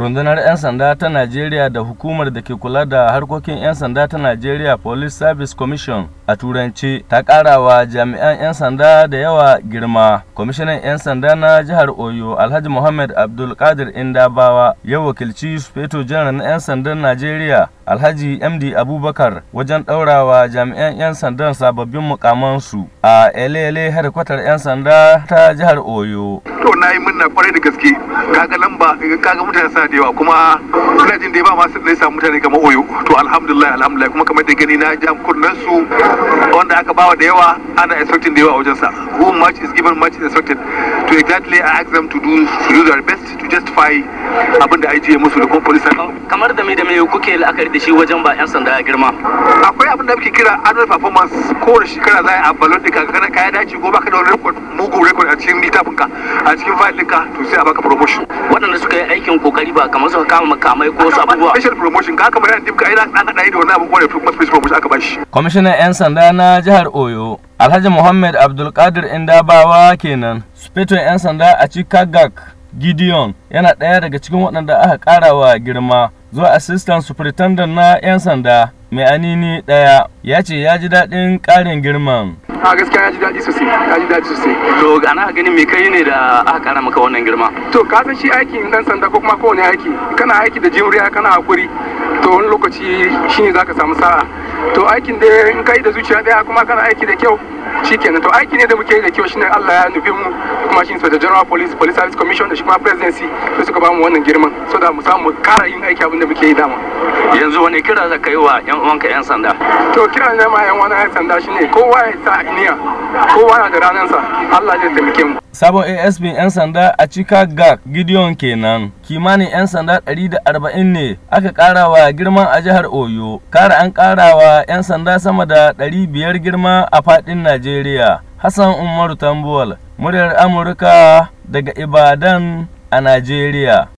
rundunar 'yan sanda ta najeriya da hukumar da ke kula da harkokin 'yan sanda ta najeriya police service commission a turanci ta karawa jami'an 'yan sanda da yawa girma kwamishinan 'yan sanda na jihar oyo alhaji muhammad abdulkadir indabawa ya wakilci su feto janar na 'yan sandan najeriya Alhaji MD Abubakar wajen ɗaurawa jami'an 'yan sandan sababbin mukamansu a Elele harkwatar 'yan sanda ta jihar Oyo. To na yi murna kwarai da gaske kaga ba kaga mutane suna da yawa kuma ina jin da ba ma sun nesa mutane kamar Oyo to alhamdulillah alhamdulillah kuma kamar da gani na jam kunnan su wanda aka bawa da yawa ana expecting da yawa wajen sa who much is given much is expected to exactly I ask them to do to do their best to justify abin da IG ya musu da kuma police kamar da me da me kuke la'akari da shi wajen ba 'yan sanda ya girma akwai abin da muke kira annual performance ko kowane shekara za a ballon ɗinka ka kana kaya dace ko baka da wani record mugu record a cikin litafin ka a cikin file ɗinka to sai a baka promotion waɗanda suka yi aikin kokari ba kamar suka kama makamai ko wasu abubuwa special promotion ka kamar bayan dibka ina an haɗa da wani abu ko da kuma special promotion aka bashi kwamishinan 'yan sanda na jihar oyo alhaji muhammad abdulkadir indabawa kenan sufetin 'yan sanda a cikagak gideon yana ɗaya daga cikin waɗanda aka ƙara wa girma zuwa assistant superintendent na 'yan sanda mai anini daya ya ce ya ji daɗin ƙarin girman. a gaskiya ya ji daɗi sosai ya ji daɗi sosai to ana ganin me kai ne da aka kara maka wannan girma to ka san shi aiki in dan sanda ko kuma kowane aiki kana aiki da jimriya kana hakuri to wani lokaci shine zaka samu sa'a to aikin da in kai da zuciya daya kuma kana aiki da kyau shikenan to aiki ne da muke da kyau shine Allah ya nufi mu kuma shi da General Police Police Service Commission da shi kuma presidency to suka ba mu wannan girman so da mu samu kara yin aiki abin da muke yi dama yanzu wani kira za ka yi wa yan uwanka yan sanda to kira ne ma yan wani yan sanda shine kowa ya sa niyya kowa na da sa Allah zai taimake mu sabon asb 'yan sanda a cika ga gideon kenan kimanin 'yan sanda 140 ne aka karawa girman a jihar oyo kara an karawa 'yan sanda sama da 500 girma a faɗin Najeriya. Hassan Umaru Tambuwal, muryar Amurka daga Ibadan a Najeriya.